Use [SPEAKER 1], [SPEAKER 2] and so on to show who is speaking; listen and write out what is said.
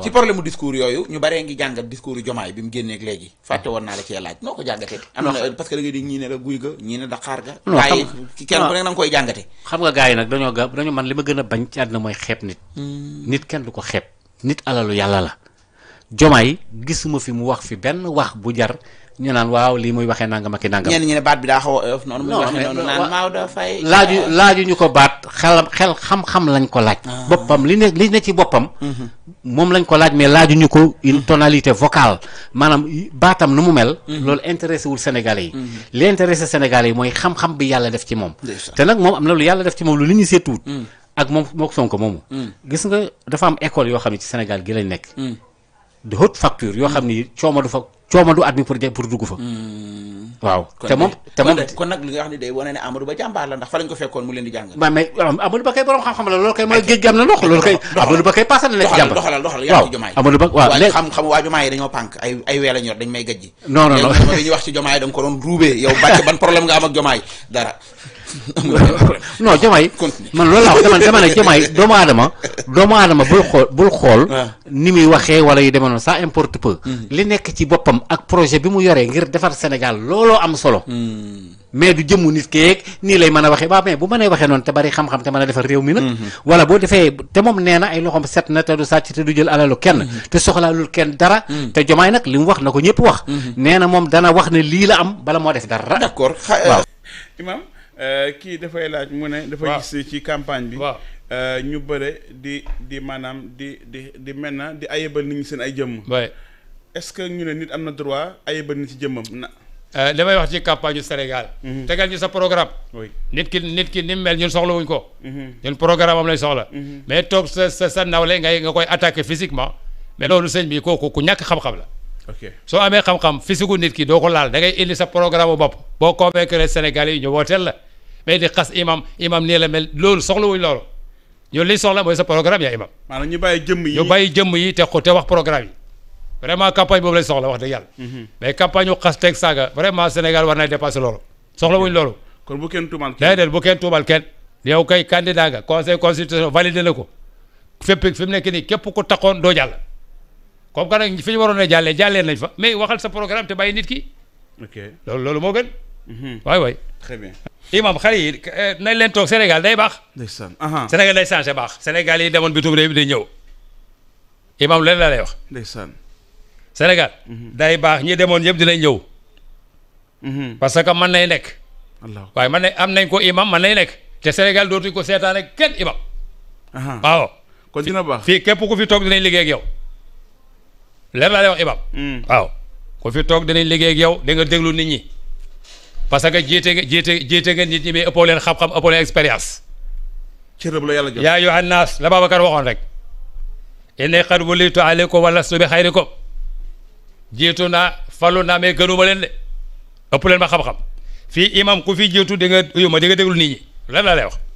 [SPEAKER 1] ci
[SPEAKER 2] problème mu discours yooyu ñu baree ngi jàngat discours yu jomaay bi mu génneeg léegi ah. fàtte woon naa la cee laaj noo ko jàngatee am na parce que da nga di ñii ne la guy ga ñii daqaar ga waaye kenn ku nekk da koy jàngate
[SPEAKER 1] xam nga gars yi nag dañoo ga dañoo man li ma gën a bañ ci àddina mooy xeeb nit hmm. nit kenn du ko xeeb nit alalu yàlla la jomaay gisuma fi mu wax fi benn wax bu jar ñu naan waaw lii muy waxee nangam ak
[SPEAKER 2] a oyof noonu. muy waxee noonu laaju
[SPEAKER 1] laaju ñu ko baat xel xel xam-xam lañ ko laaj. Ah. boppam li ne li ne ci boppam. Mhm. moom lañ ko laaj mais laaju ñu ko une mhm. tonalité vocale maanaam baatam nu mu mel. Mhm. loolu intéressé wul Sénégalais yi. li intéressé Sénégalais yi mooy xam-xam bi yàlla def ci moom. te nag moom am na lu yàlla def ci moom lu li ñu seetuwut. Mm. ak moom moo Sonko moomu. Mm. gis nga dafa am école yoo xam ne ci Sénégal gi lañ nekk. Mm. de haute facture yoo xam ni cooma cooma du at mi pour dugg fa. Hmm. waaw te moom te moom
[SPEAKER 2] kon nag li nga xam ne day wane ne Amadou Ba jàmbaar la ndax fa lañ ko fekkoon mu leen di jàngal. waaw mais Amadou Ba kay borom na ndox Ba
[SPEAKER 1] kay doxalal
[SPEAKER 2] doxalal waaw Amadou Ba waaw xam xam waa jomaay dañoo pànk ay ay dañ may gajji non non non bi ñuy wax ci jomaay da ko doon ruubee yow bàcc ban problème nga am ak jomaay
[SPEAKER 1] non Diomaye man loolu laa wax dama dama ne Diomaye doomu aadama doomu aadama bul xool bul xool ah. ni muy waxee wala yu demee noonu ça importe peu mm-hmm. li nekk ci boppam ak projet bi mu yoree ngir defar Sénégal looloo am solo mm. mais du jëmmu nit keeg nii lay mën a waxee waaw mais bu mënee waxee noonu te bari xam-xam te mën a defar réew mi nag mm-hmm. wala boo defee te moom nee na ay loxoom set na te du sàcc te du jël alalu kenn mm-hmm. te soxlaalul kenn dara te Diomaye nag li mu wax na ko ñëpp wax nee na moom dana wax ne lii la am bala moo def dara d'accord
[SPEAKER 2] Euh, kii dafay laaj mu ne. dafa gis ci campagne bi. Euh, ñu bëre di di maanaam di di di mel na di ayebal nit ñi seen ay jëmm. est-ce que ñu ne nit am na droit ayebal nit ci jëmmam na.
[SPEAKER 3] damay euh, may wax ci campagne yu Sénégal. Mhm. tegal ñu sa programme. nit ki nit ki ni mu mel ñun soxlawuñ ko. Mhm. ñun programme am lay soxla. Mhm. mais toog sa sa sa nawle ngay nga koy attaquer physiquement. mais loolu sëñ bi kooku ku ñàkk xam-xam la. ok soo amee xam-xam physique gu nit ki doo ko laal da ngay indi sa programme bopp. boo convaincre Sénégalais yi ñu wooteel la. mais di xas imam imam nii la mel loolu soxla wuñ loolu ñun liñ soxla mooy sa programme yaa imam maanaam ñu bàyyi jëmm yi te te wax programme yi vraiment campagne boobu lañ soxla wax dëgg yàlla mhm. mais campagne yu xas saaga vraiment Sénégal war nay dépasser loolu soxla wuñ loolu kon bu kenn tuumal kenn déedéet kay candidat conseil constitutionnel validé ko fépp fi mu nekk nii képp ku taxoon doo jàll comme que nag waroon a jàllee jàllee nañ fa mais waxal sa programme Oui mhm. oui très bien. imam Khalil euh, Sénégal day Sénégal day dit Sénégal yi Imam day que imam leen la lay wax. Sénégal. Mhm. day les ñi sont venus mhm. parce que mën nay nekk. waaye dit que am nañ ko imam te Sénégal ko ak imam. waaw. dina fi dinañ ak yow. leen la lay wax imam. Mm. waaw il fi dinañ ak yow nga que nit ñi. parce que jiite nga jiite jiite nga nit ñi mais ëppoo leen xam-xam ëppoo leen expérience. cër bu la yàlla jox yaa ayyuhan naas la Babacar waxoon rek. inni qad wullitu alaykum wa lastu bi xayrikum jiitu naa falu naa mais gënuma leen de ëpp leen ma xam-xam fii imam ku fi jiitu di nga uyu ma di nga déglu nit ñi lan laa lay wax.